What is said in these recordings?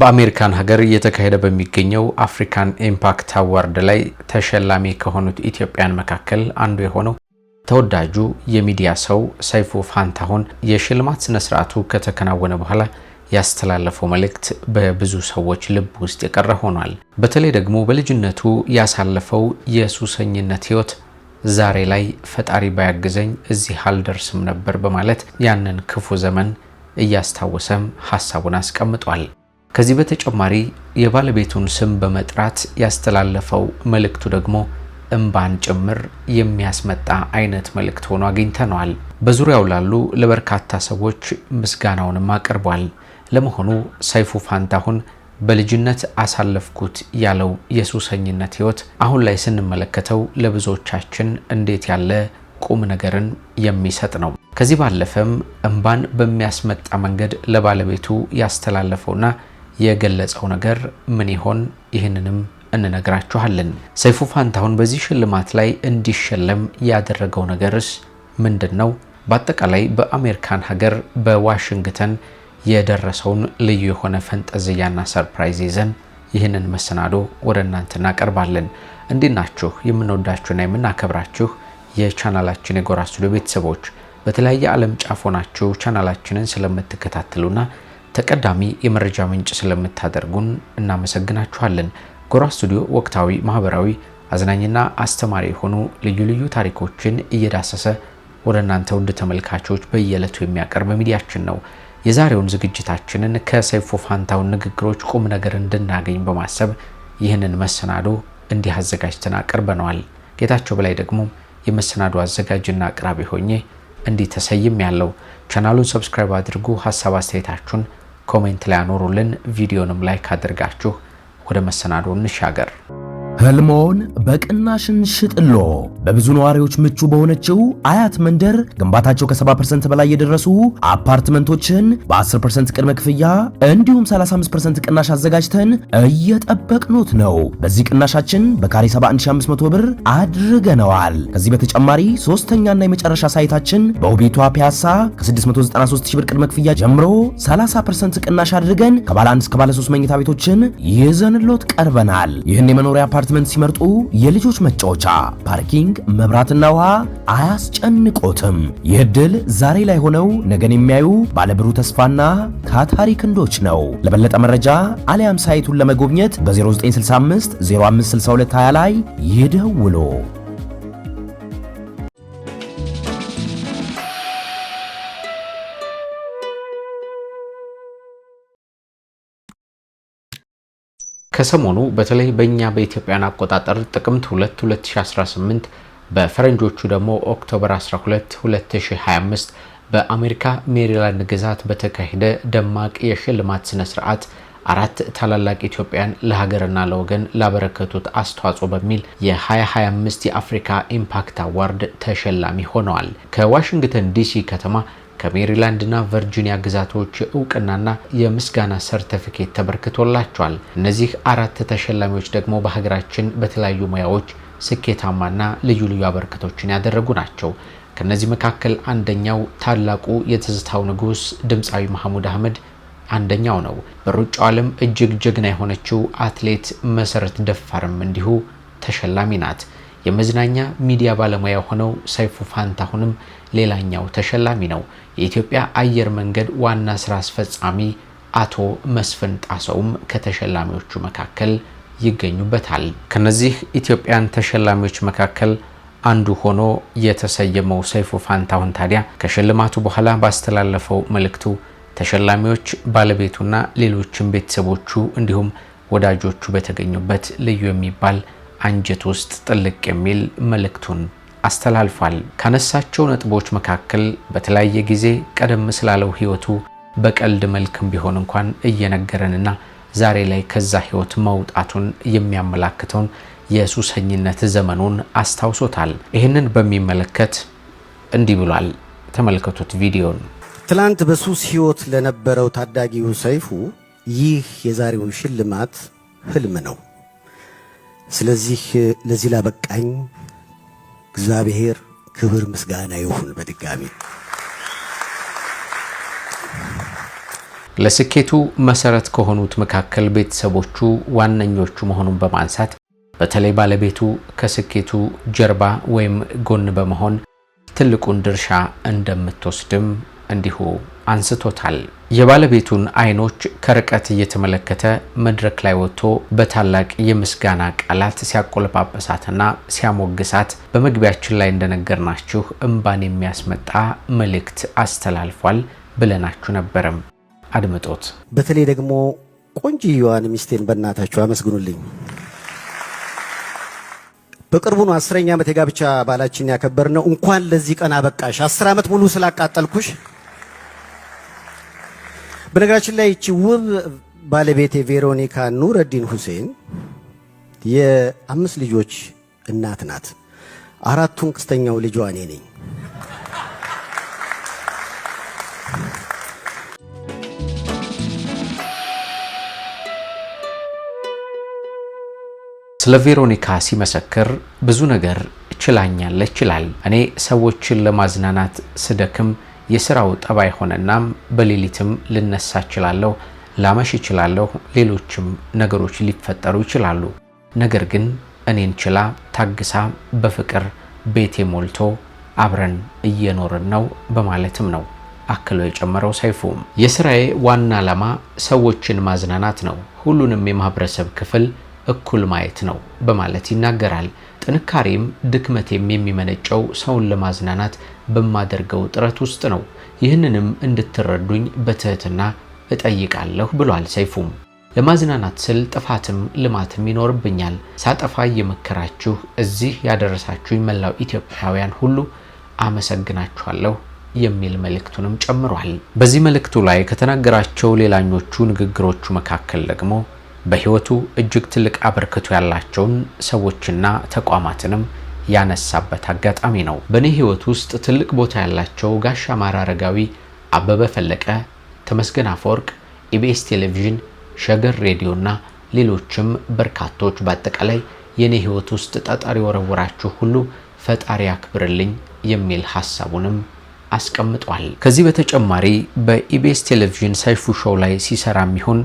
በአሜሪካን ሀገር እየተካሄደ በሚገኘው አፍሪካን ኢምፓክት አዋርድ ላይ ተሸላሚ ከሆኑት ኢትዮጵያን መካከል አንዱ የሆነው ተወዳጁ የሚዲያ ሰው ሰይፉ ፋንታሁን የሽልማት ስነ ስርዓቱ ከተከናወነ በኋላ ያስተላለፈው መልእክት በብዙ ሰዎች ልብ ውስጥ የቀረ ሆኗል። በተለይ ደግሞ በልጅነቱ ያሳለፈው የሱሰኝነት ህይወት ዛሬ ላይ ፈጣሪ ባያግዘኝ እዚህ አልደርስም ነበር በማለት ያንን ክፉ ዘመን እያስታወሰም ሀሳቡን አስቀምጧል። ከዚህ በተጨማሪ የባለቤቱን ስም በመጥራት ያስተላለፈው መልእክቱ ደግሞ እምባን ጭምር የሚያስመጣ አይነት መልእክት ሆኖ አግኝተነዋል። በዙሪያው ላሉ ለበርካታ ሰዎች ምስጋናውንም አቅርቧል። ለመሆኑ ሰይፉ ፋንታሁን በልጅነት አሳለፍኩት ያለው የሱሰኝነት ሕይወት አሁን ላይ ስንመለከተው ለብዙዎቻችን እንዴት ያለ ቁም ነገርን የሚሰጥ ነው። ከዚህ ባለፈም እምባን በሚያስመጣ መንገድ ለባለቤቱ ያስተላለፈውና የገለጸው ነገር ምን ይሆን? ይህንንም እንነግራችኋለን። ሰይፉ ፋንታሁን በዚህ ሽልማት ላይ እንዲሸለም ያደረገው ነገርስ ምንድን ነው? በአጠቃላይ በአሜሪካን ሀገር በዋሽንግተን የደረሰውን ልዩ የሆነ ፈንጠዝያና ሰርፕራይዝ ይዘን ይህንን መሰናዶ ወደ እናንተ እናቀርባለን። እንዴት ናችሁ? የምንወዳችሁና የምናከብራችሁ የቻናላችን የጎራ ስቱዲዮ ቤተሰቦች በተለያየ ዓለም ጫፍ ሆናችሁ ቻናላችንን ስለምትከታተሉና ተቀዳሚ የመረጃ ምንጭ ስለምታደርጉን እናመሰግናችኋለን። ጎራ ስቱዲዮ ወቅታዊ፣ ማህበራዊ፣ አዝናኝና አስተማሪ የሆኑ ልዩ ልዩ ታሪኮችን እየዳሰሰ ወደ እናንተ ውድ ተመልካቾች በየዕለቱ የሚያቀርብ ሚዲያችን ነው። የዛሬውን ዝግጅታችንን ከሰይፉ ፋንታውን ንግግሮች ቁም ነገር እንድናገኝ በማሰብ ይህንን መሰናዶ እንዲህ አዘጋጅተን አቅርበነዋል። ጌታቸው በላይ ደግሞ የመሰናዶ አዘጋጅና አቅራቢ ሆኜ እንዲህ ተሰይም ያለው ቻናሉን ሰብስክራይብ አድርጉ። ሀሳብ አስተያየታችሁን ኮሜንት ላይ አኖሩልን። ቪዲዮንም ላይክ አድርጋችሁ ወደ መሰናዶ እንሻገር። ህልሞን በቅናሽን ሽጥሎ በብዙ ነዋሪዎች ምቹ በሆነችው አያት መንደር ግንባታቸው ከ70% በላይ የደረሱ አፓርትመንቶችን በ10% ቅድመ ክፍያ እንዲሁም 35% ቅናሽ አዘጋጅተን እየጠበቅኑት ነው። በዚህ ቅናሻችን በካሬ 71500 ብር አድርገነዋል። ከዚህ በተጨማሪ ሶስተኛና የመጨረሻ ሳይታችን በውቢቷ ፒያሳ ከ693 ብር ቅድመ ክፍያ ጀምሮ 30% ቅናሽ አድርገን ከባለ 1 እስከ ባለ 3 መኝታ ቤቶችን ይዘንሎት ቀርበናል። ይህን የመኖሪያ አፓርትመንት ሲመርጡ የልጆች መጫወቻ፣ ፓርኪንግ፣ መብራትና ውሃ አያስጨንቆትም። ይህ ዕድል ዛሬ ላይ ሆነው ነገን የሚያዩ ባለብሩህ ተስፋና ታታሪ ክንዶች ነው። ለበለጠ መረጃ አሊያም ሳይቱን ለመጎብኘት በ0965 056220 ላይ ይደውሉ። ከሰሞኑ በተለይ በእኛ በኢትዮጵያን አቆጣጠር ጥቅምት 2 2018 በፈረንጆቹ ደግሞ ኦክቶበር 12 2025 በአሜሪካ ሜሪላንድ ግዛት በተካሄደ ደማቅ የሽልማት ስነ ስርዓት አራት ታላላቅ ኢትዮጵያን ለሀገርና ለወገን ላበረከቱት አስተዋጽኦ በሚል የ2025 የአፍሪካ ኢምፓክት አዋርድ ተሸላሚ ሆነዋል። ከዋሽንግተን ዲሲ ከተማ ከሜሪላንድና ቨርጂኒያ ግዛቶች የእውቅናና የምስጋና ሰርተፊኬት ተበርክቶላቸዋል። እነዚህ አራት ተሸላሚዎች ደግሞ በሀገራችን በተለያዩ ሙያዎች ስኬታማና ልዩ ልዩ አበርክቶችን ያደረጉ ናቸው። ከእነዚህ መካከል አንደኛው ታላቁ የትዝታው ንጉስ ድምፃዊ መሐሙድ አህመድ አንደኛው ነው። በሩጫው ዓለም እጅግ ጀግና የሆነችው አትሌት መሰረት ደፋርም እንዲሁ ተሸላሚ ናት። የመዝናኛ ሚዲያ ባለሙያ የሆነው ሰይፉ ፋንታሁንም ሌላኛው ተሸላሚ ነው። የኢትዮጵያ አየር መንገድ ዋና ስራ አስፈጻሚ አቶ መስፍን ጣሰውም ከተሸላሚዎቹ መካከል ይገኙበታል። ከነዚህ ኢትዮጵያን ተሸላሚዎች መካከል አንዱ ሆኖ የተሰየመው ሰይፉ ፋንታሁን ታዲያ ከሽልማቱ በኋላ ባስተላለፈው መልእክቱ ተሸላሚዎች ባለቤቱና ሌሎችም ቤተሰቦቹ እንዲሁም ወዳጆቹ በተገኙበት ልዩ የሚባል አንጀት ውስጥ ጥልቅ የሚል መልእክቱን አስተላልፏል። ካነሳቸው ነጥቦች መካከል በተለያየ ጊዜ ቀደም ስላለው ህይወቱ በቀልድ መልክም ቢሆን እንኳን እየነገረንና ዛሬ ላይ ከዛ ህይወት መውጣቱን የሚያመላክተውን የሱሰኝነት ዘመኑን አስታውሶታል። ይህንን በሚመለከት እንዲህ ብሏል። ተመልከቱት ቪዲዮን። ትላንት በሱስ ህይወት ለነበረው ታዳጊው ሰይፉ ይህ የዛሬው ሽልማት ህልም ነው። ስለዚህ ለዚህ ላበቃኝ እግዚአብሔር ክብር ምስጋና ይሁን። በድጋሚ ለስኬቱ መሰረት ከሆኑት መካከል ቤተሰቦቹ ዋነኞቹ መሆኑን በማንሳት በተለይ ባለቤቱ ከስኬቱ ጀርባ ወይም ጎን በመሆን ትልቁን ድርሻ እንደምትወስድም እንዲሁ አንስቶታል። የባለቤቱን አይኖች ከርቀት እየተመለከተ መድረክ ላይ ወጥቶ በታላቅ የምስጋና ቃላት ሲያቆለጳጳሳትና ሲያሞግሳት በመግቢያችን ላይ እንደነገርናችሁ እምባን የሚያስመጣ መልእክት አስተላልፏል ብለናችሁ ነበረም። አድምጦት በተለይ ደግሞ ቆንጆዋን ሚስቴን በእናታችሁ አመስግኑልኝ። በቅርቡ ነው አስረኛ ዓመት የጋብቻ ባላችን ያከበርነው። ነው። እንኳን ለዚህ ቀን አበቃሽ። አስር ዓመት ሙሉ ስላቃጠልኩሽ በነገራችን ላይ ይቺ ውብ ባለቤቴ ቬሮኒካ ኑረዲን ሁሴን የአምስት ልጆች እናት ናት። አራቱን ክስተኛው ልጇ እኔ ነኝ። ስለ ቬሮኒካ ሲመሰክር ብዙ ነገር ችላኛለች ይላል። እኔ ሰዎችን ለማዝናናት ስደክም የስራው ጠባይ ሆነና በሌሊትም ልነሳ እችላለሁ፣ ላመሽ እችላለሁ፣ ሌሎችም ነገሮች ሊፈጠሩ ይችላሉ። ነገር ግን እኔን ችላ ታግሳ በፍቅር ቤቴ ሞልቶ አብረን እየኖርን ነው በማለትም ነው አክሎ የጨመረው ሰይፉም። የስራዬ ዋና ዓላማ ሰዎችን ማዝናናት ነው፣ ሁሉንም የማህበረሰብ ክፍል እኩል ማየት ነው በማለት ይናገራል። ጥንካሬም ድክመቴም የሚመነጨው ሰውን ለማዝናናት በማደርገው ጥረት ውስጥ ነው። ይህንንም እንድትረዱኝ በትህትና እጠይቃለሁ ብሏል ሰይፉም። ለማዝናናት ስል ጥፋትም ልማትም ይኖርብኛል። ሳጠፋ እየመከራችሁ እዚህ ያደረሳችሁኝ መላው ኢትዮጵያውያን ሁሉ አመሰግናችኋለሁ የሚል መልእክቱንም ጨምሯል። በዚህ መልእክቱ ላይ ከተናገራቸው ሌላኞቹ ንግግሮቹ መካከል ደግሞ በሕይወቱ እጅግ ትልቅ አበርክቶ ያላቸውን ሰዎችና ተቋማትንም ያነሳበት አጋጣሚ ነው። በእኔ ህይወት ውስጥ ትልቅ ቦታ ያላቸው ጋሽ አማራ አረጋዊ፣ አበበ ፈለቀ፣ ተመስገን አፈወርቅ፣ ኢቢኤስ ቴሌቪዥን፣ ሸገር ሬዲዮና ሌሎችም በርካቶች በአጠቃላይ የእኔ ህይወት ውስጥ ጠጣሪ ወረወራችሁ ሁሉ ፈጣሪ አክብርልኝ የሚል ሀሳቡንም አስቀምጧል። ከዚህ በተጨማሪ በኢቢኤስ ቴሌቪዥን ሰይፉ ሾው ላይ ሲሰራ ሚሆን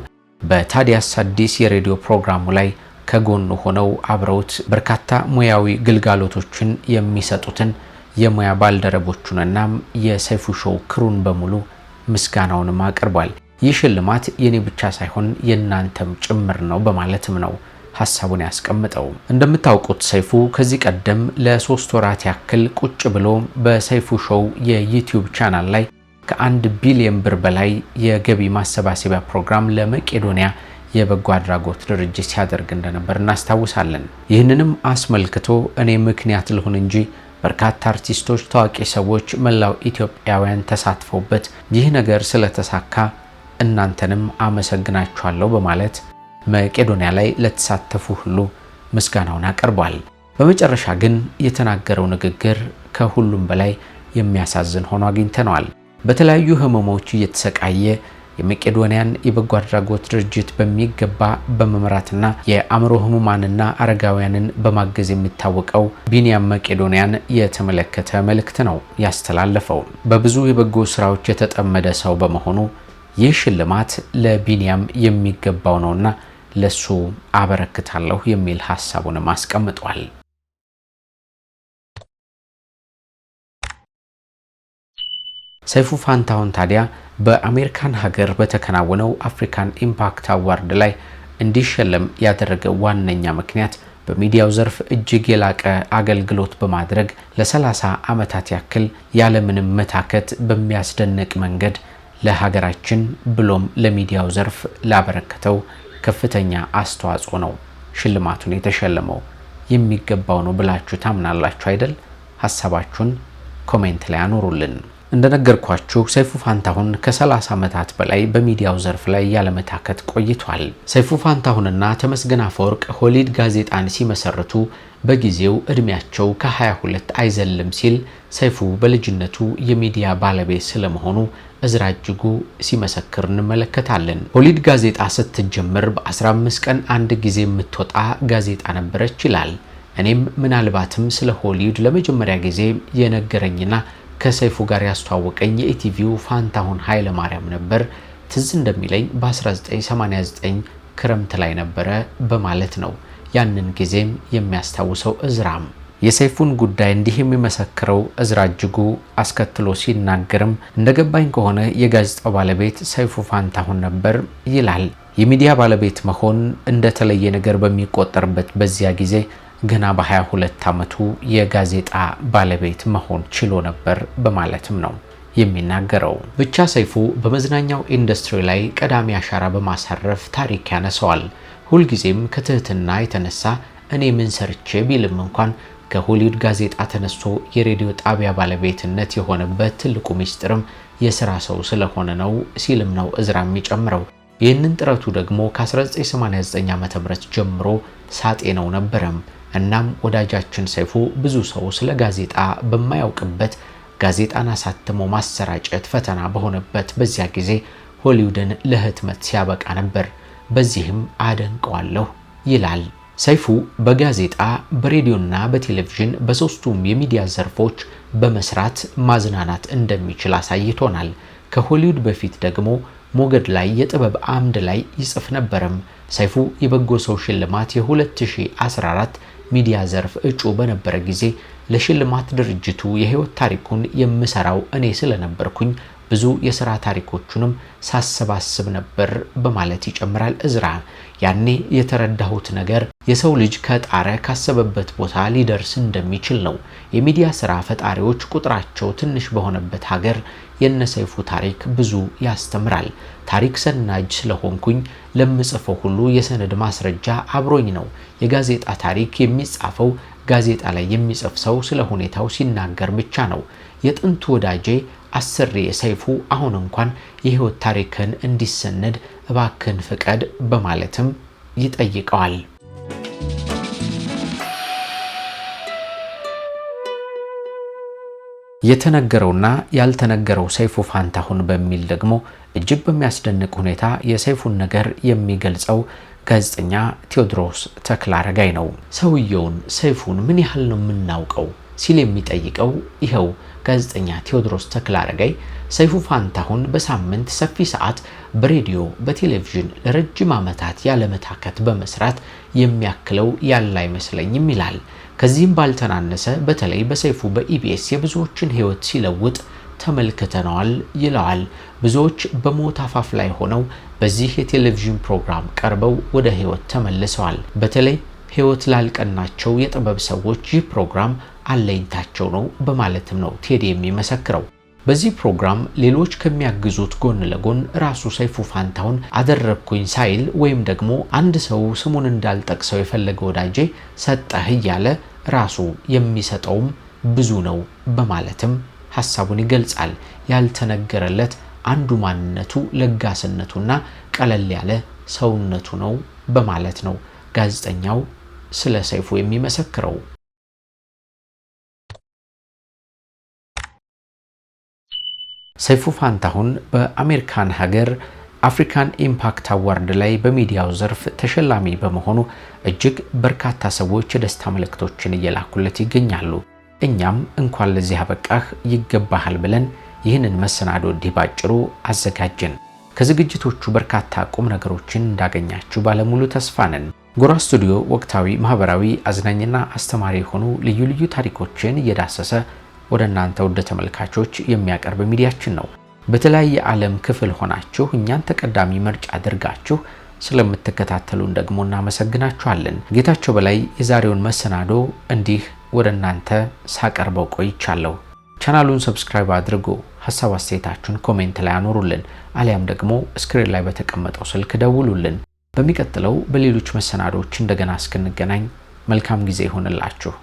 በታዲያስ አዲስ የሬዲዮ ፕሮግራሙ ላይ ከጎኑ ሆነው አብረውት በርካታ ሙያዊ ግልጋሎቶችን የሚሰጡትን የሙያ ባልደረቦቹንና የሰይፉ ሾው ክሩን በሙሉ ምስጋናውንም አቅርቧል። ይህ ሽልማት የኔ ብቻ ሳይሆን የእናንተም ጭምር ነው በማለትም ነው ሀሳቡን ያስቀምጠው። እንደምታውቁት ሰይፉ ከዚህ ቀደም ለሶስት ወራት ያክል ቁጭ ብሎ በሰይፉ ሾው የዩቲዩብ ቻናል ላይ ከአንድ ቢሊየን ብር በላይ የገቢ ማሰባሰቢያ ፕሮግራም ለመቄዶንያ የበጎ አድራጎት ድርጅት ሲያደርግ እንደነበር እናስታውሳለን። ይህንንም አስመልክቶ እኔ ምክንያት ልሁን እንጂ በርካታ አርቲስቶች፣ ታዋቂ ሰዎች፣ መላው ኢትዮጵያውያን ተሳትፈውበት ይህ ነገር ስለተሳካ እናንተንም አመሰግናችኋለሁ በማለት መቄዶንያ ላይ ለተሳተፉ ሁሉ ምስጋናውን አቀርቧል። በመጨረሻ ግን የተናገረው ንግግር ከሁሉም በላይ የሚያሳዝን ሆኖ አግኝተነዋል። በተለያዩ ህመሞች እየተሰቃየ የመቄዶንያን የበጎ አድራጎት ድርጅት በሚገባ በመምራትና የአእምሮ ህሙማንና አረጋውያንን በማገዝ የሚታወቀው ቢንያም መቄዶንያን የተመለከተ መልእክት ነው ያስተላለፈው። በብዙ የበጎ ስራዎች የተጠመደ ሰው በመሆኑ ይህ ሽልማት ለቢንያም የሚገባው ነውና ለሱ አበረክታለሁ የሚል ሀሳቡንም አስቀምጧል። ሰይፉ ፋንታሁን ታዲያ በአሜሪካን ሀገር በተከናወነው አፍሪካን ኢምፓክት አዋርድ ላይ እንዲሸለም ያደረገው ዋነኛ ምክንያት በሚዲያው ዘርፍ እጅግ የላቀ አገልግሎት በማድረግ ለ30 ዓመታት ያክል ያለምንም መታከት በሚያስደንቅ መንገድ ለሀገራችን ብሎም ለሚዲያው ዘርፍ ላበረከተው ከፍተኛ አስተዋጽኦ ነው ሽልማቱን የተሸለመው። የሚገባው ነው ብላችሁ ታምናላችሁ አይደል? ሀሳባችሁን ኮሜንት ላይ አኖሩልን። እንደነገርኳችሁ ሰይፉ ፋንታሁን ከ30 ዓመታት በላይ በሚዲያው ዘርፍ ላይ ያለመታከት ቆይቷል። ሰይፉ ፋንታሁንና ተመስገን አፈወርቅ ሆሊድ ጋዜጣን ሲመሰርቱ በጊዜው እድሜያቸው ከ22 አይዘልም ሲል ሰይፉ በልጅነቱ የሚዲያ ባለቤት ስለመሆኑ እዝራ እጅጉ ሲመሰክር እንመለከታለን። ሆሊድ ጋዜጣ ስትጀምር በ15 ቀን አንድ ጊዜ የምትወጣ ጋዜጣ ነበረች ይላል። እኔም ምናልባትም ስለ ሆሊውድ ለመጀመሪያ ጊዜ የነገረኝና ከሰይፉ ጋር ያስተዋወቀኝ የኢቲቪው ፋንታሁን ኃይለ ማርያም ነበር። ትዝ እንደሚለኝ በ1989 ክረምት ላይ ነበረ በማለት ነው ያንን ጊዜም የሚያስታውሰው እዝራም የሰይፉን ጉዳይ እንዲህ የሚመሰክረው እዝራ እጅጉ አስከትሎ ሲናገርም እንደገባኝ ከሆነ የጋዜጣው ባለቤት ሰይፉ ፋንታሁን ነበር ይላል። የሚዲያ ባለቤት መሆን እንደተለየ ነገር በሚቆጠርበት በዚያ ጊዜ ገና በ22 ዓመቱ የጋዜጣ ባለቤት መሆን ችሎ ነበር በማለትም ነው የሚናገረው። ብቻ ሰይፉ በመዝናኛው ኢንዱስትሪ ላይ ቀዳሚ አሻራ በማሳረፍ ታሪክ ያነሰዋል። ሁልጊዜም ከትህትና የተነሳ እኔ ምን ሰርቼ ቢልም እንኳን ከሆሊውድ ጋዜጣ ተነስቶ የሬዲዮ ጣቢያ ባለቤትነት የሆነበት ትልቁ ሚስጥርም የስራ ሰው ስለሆነ ነው ሲልም ነው እዝራ የሚጨምረው። ይህንን ጥረቱ ደግሞ ከ1989 ዓ ም ጀምሮ ሳጤ ነው ነበረም እናም ወዳጃችን ሰይፉ ብዙ ሰው ስለ ጋዜጣ በማያውቅበት ጋዜጣን አሳትሞ ማሰራጨት ፈተና በሆነበት በዚያ ጊዜ ሆሊውድን ለህትመት ሲያበቃ ነበር። በዚህም አደንቀዋለሁ ይላል ሰይፉ። በጋዜጣ በሬዲዮና በቴሌቪዥን በሶስቱም የሚዲያ ዘርፎች በመስራት ማዝናናት እንደሚችል አሳይቶናል። ከሆሊውድ በፊት ደግሞ ሞገድ ላይ የጥበብ አምድ ላይ ይጽፍ ነበርም። ሰይፉ የበጎ ሰው ሽልማት የ2014 ሚዲያ ዘርፍ እጩ በነበረ ጊዜ ለሽልማት ድርጅቱ የህይወት ታሪኩን የምሰራው እኔ ስለነበርኩኝ ብዙ የሥራ ታሪኮቹንም ሳሰባስብ ነበር በማለት ይጨምራል እዝራ። ያኔ የተረዳሁት ነገር የሰው ልጅ ከጣረ ካሰበበት ቦታ ሊደርስ እንደሚችል ነው። የሚዲያ ሥራ ፈጣሪዎች ቁጥራቸው ትንሽ በሆነበት ሀገር የነሰይፉ ታሪክ ብዙ ያስተምራል። ታሪክ ሰናጅ ስለሆንኩኝ ለምጽፈው ሁሉ የሰነድ ማስረጃ አብሮኝ ነው። የጋዜጣ ታሪክ የሚጻፈው ጋዜጣ ላይ የሚጽፍ ሰው ስለ ሁኔታው ሲናገር ብቻ ነው። የጥንት ወዳጄ አስሬ ሰይፉ አሁን እንኳን የህይወት ታሪክን እንዲሰነድ እባክን ፍቀድ በማለትም ይጠይቀዋል። የተነገረውና ያልተነገረው ሰይፉ ፋንታሁን በሚል ደግሞ እጅግ በሚያስደንቅ ሁኔታ የሰይፉን ነገር የሚገልጸው ጋዜጠኛ ቴዎድሮስ ተክለ አረጋይ ነው። ሰውየውን ሰይፉን ምን ያህል ነው የምናውቀው ሲል የሚጠይቀው ይኸው ጋዜጠኛ ቴዎድሮስ ተክለ አረጋይ ሰይፉ ፋንታሁን በሳምንት ሰፊ ሰዓት በሬዲዮ በቴሌቪዥን ለረጅም ዓመታት ያለመታከት በመስራት የሚያክለው ያለ አይመስለኝም ይላል። ከዚህም ባልተናነሰ በተለይ በሰይፉ በኢቢኤስ የብዙዎችን ሕይወት ሲለውጥ ተመልክተነዋል ይለዋል። ብዙዎች በሞት አፋፍ ላይ ሆነው በዚህ የቴሌቪዥን ፕሮግራም ቀርበው ወደ ህይወት ተመልሰዋል። በተለይ ህይወት ላልቀናቸው የጥበብ ሰዎች ይህ ፕሮግራም አለኝታቸው ነው በማለትም ነው ቴዲ የሚመሰክረው። በዚህ ፕሮግራም ሌሎች ከሚያግዙት ጎን ለጎን ራሱ ሰይፉ ፋንታሁን አደረግኩኝ ሳይል ወይም ደግሞ አንድ ሰው ስሙን እንዳልጠቅሰው የፈለገ ወዳጄ ሰጠህ እያለ ራሱ የሚሰጠውም ብዙ ነው በማለትም ሀሳቡን ይገልጻል። ያልተነገረለት አንዱ ማንነቱ ለጋስነቱና ቀለል ያለ ሰውነቱ ነው በማለት ነው ጋዜጠኛው ስለ ሰይፉ የሚመሰክረው። ሰይፉ ፋንታሁን በአሜሪካን ሀገር አፍሪካን ኢምፓክት አዋርድ ላይ በሚዲያው ዘርፍ ተሸላሚ በመሆኑ እጅግ በርካታ ሰዎች የደስታ መልእክቶችን እየላኩለት ይገኛሉ። እኛም እንኳን ለዚህ አበቃህ ይገባሃል ብለን ይህንን መሰናዶ እንዲህ ባጭሩ አዘጋጅን። ከዝግጅቶቹ በርካታ ቁም ነገሮችን እንዳገኛችሁ ባለሙሉ ተስፋ ነን። ጎራ ስቱዲዮ ወቅታዊ፣ ማህበራዊ፣ አዝናኝና አስተማሪ የሆኑ ልዩ ልዩ ታሪኮችን እየዳሰሰ ወደ እናንተ ውድ ተመልካቾች የሚያቀርብ ሚዲያችን ነው። በተለያየ ዓለም ክፍል ሆናችሁ እኛን ተቀዳሚ ምርጫ አድርጋችሁ ስለምትከታተሉን ደግሞ እናመሰግናችኋለን። ጌታቸው በላይ የዛሬውን መሰናዶ እንዲህ ወደ እናንተ ሳቀርበው ቆይቻለሁ። ቻናሉን ሰብስክራይብ አድርጉ። ሀሳብ አስተያየታችሁን ኮሜንት ላይ አኖሩልን፣ አሊያም ደግሞ ስክሪን ላይ በተቀመጠው ስልክ ደውሉልን። በሚቀጥለው በሌሎች መሰናዶዎች እንደገና እስክንገናኝ መልካም ጊዜ ይሆንላችሁ።